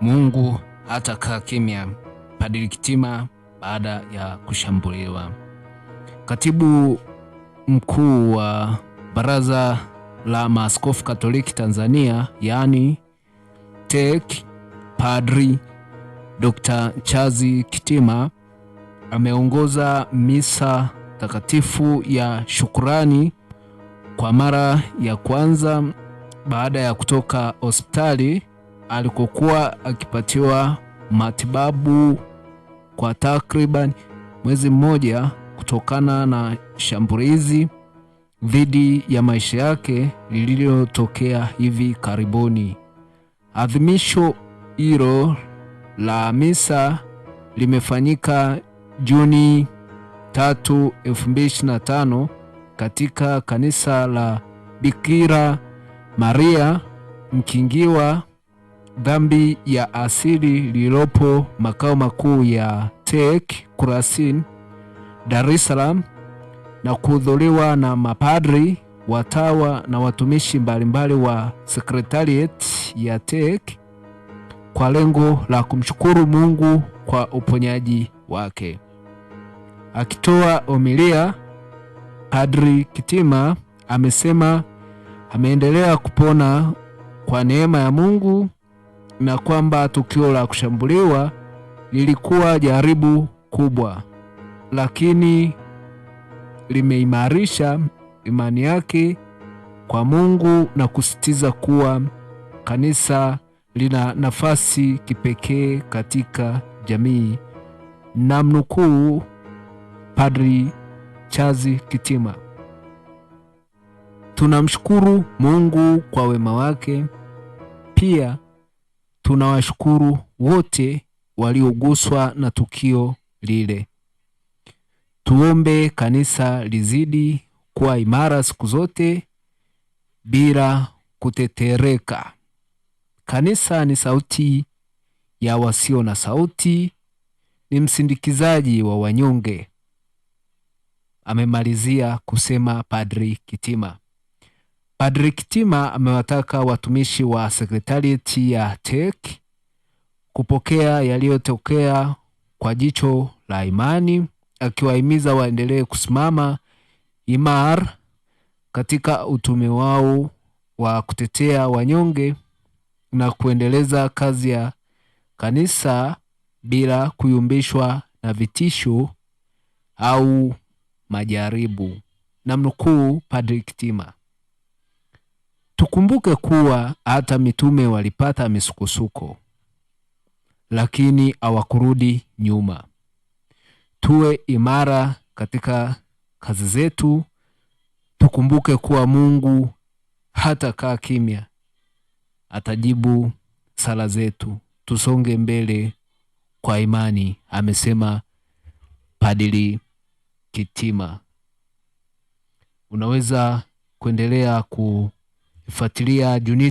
Mungu hatakaa kimya. Padri Kitima baada ya kushambuliwa. Katibu mkuu wa Baraza la Maaskofu Katoliki Tanzania, yaani TEC, Padri Dr. Chazi Kitima ameongoza misa takatifu ya shukurani kwa mara ya kwanza baada ya kutoka hospitali alikokuwa akipatiwa matibabu kwa takriban mwezi mmoja kutokana na shambulizi dhidi ya maisha yake lililotokea hivi karibuni. Adhimisho hilo la misa limefanyika Juni 3, 2025 katika kanisa la Bikira Maria Mkingiwa dhambi ya asili lililopo makao makuu ya TEC Kurasini, Dar es Salaam na kuhudhuriwa na mapadri, watawa na watumishi mbalimbali wa sekretariat ya TEC kwa lengo la kumshukuru Mungu kwa uponyaji wake. Akitoa homilia, Padri Kitima amesema ameendelea kupona kwa neema ya Mungu na kwamba tukio la kushambuliwa lilikuwa jaribu kubwa, lakini limeimarisha imani yake kwa Mungu na kusisitiza kuwa kanisa lina nafasi kipekee katika jamii. Namnukuu Padri Chazi Kitima. Tunamshukuru Mungu kwa wema wake pia Tunawashukuru wote walioguswa na tukio lile. Tuombe kanisa lizidi kuwa imara siku zote bila kutetereka. Kanisa ni sauti ya wasio na sauti, ni msindikizaji wa wanyonge, amemalizia kusema Padri Kitima. Padri Kitima amewataka watumishi wa sekretarieti ya TEC kupokea yaliyotokea kwa jicho la imani, akiwahimiza waendelee kusimama imara katika utume wao wa kutetea wanyonge na kuendeleza kazi ya kanisa bila kuyumbishwa na vitisho au majaribu. Namnukuu Padri Kitima. Tukumbuke kuwa hata mitume walipata misukosuko, lakini hawakurudi nyuma. Tuwe imara katika kazi zetu. Tukumbuke kuwa Mungu hatakaa kimya, atajibu sala zetu. Tusonge mbele kwa imani, amesema Padri Kitima. Unaweza kuendelea ku fuatilia Junii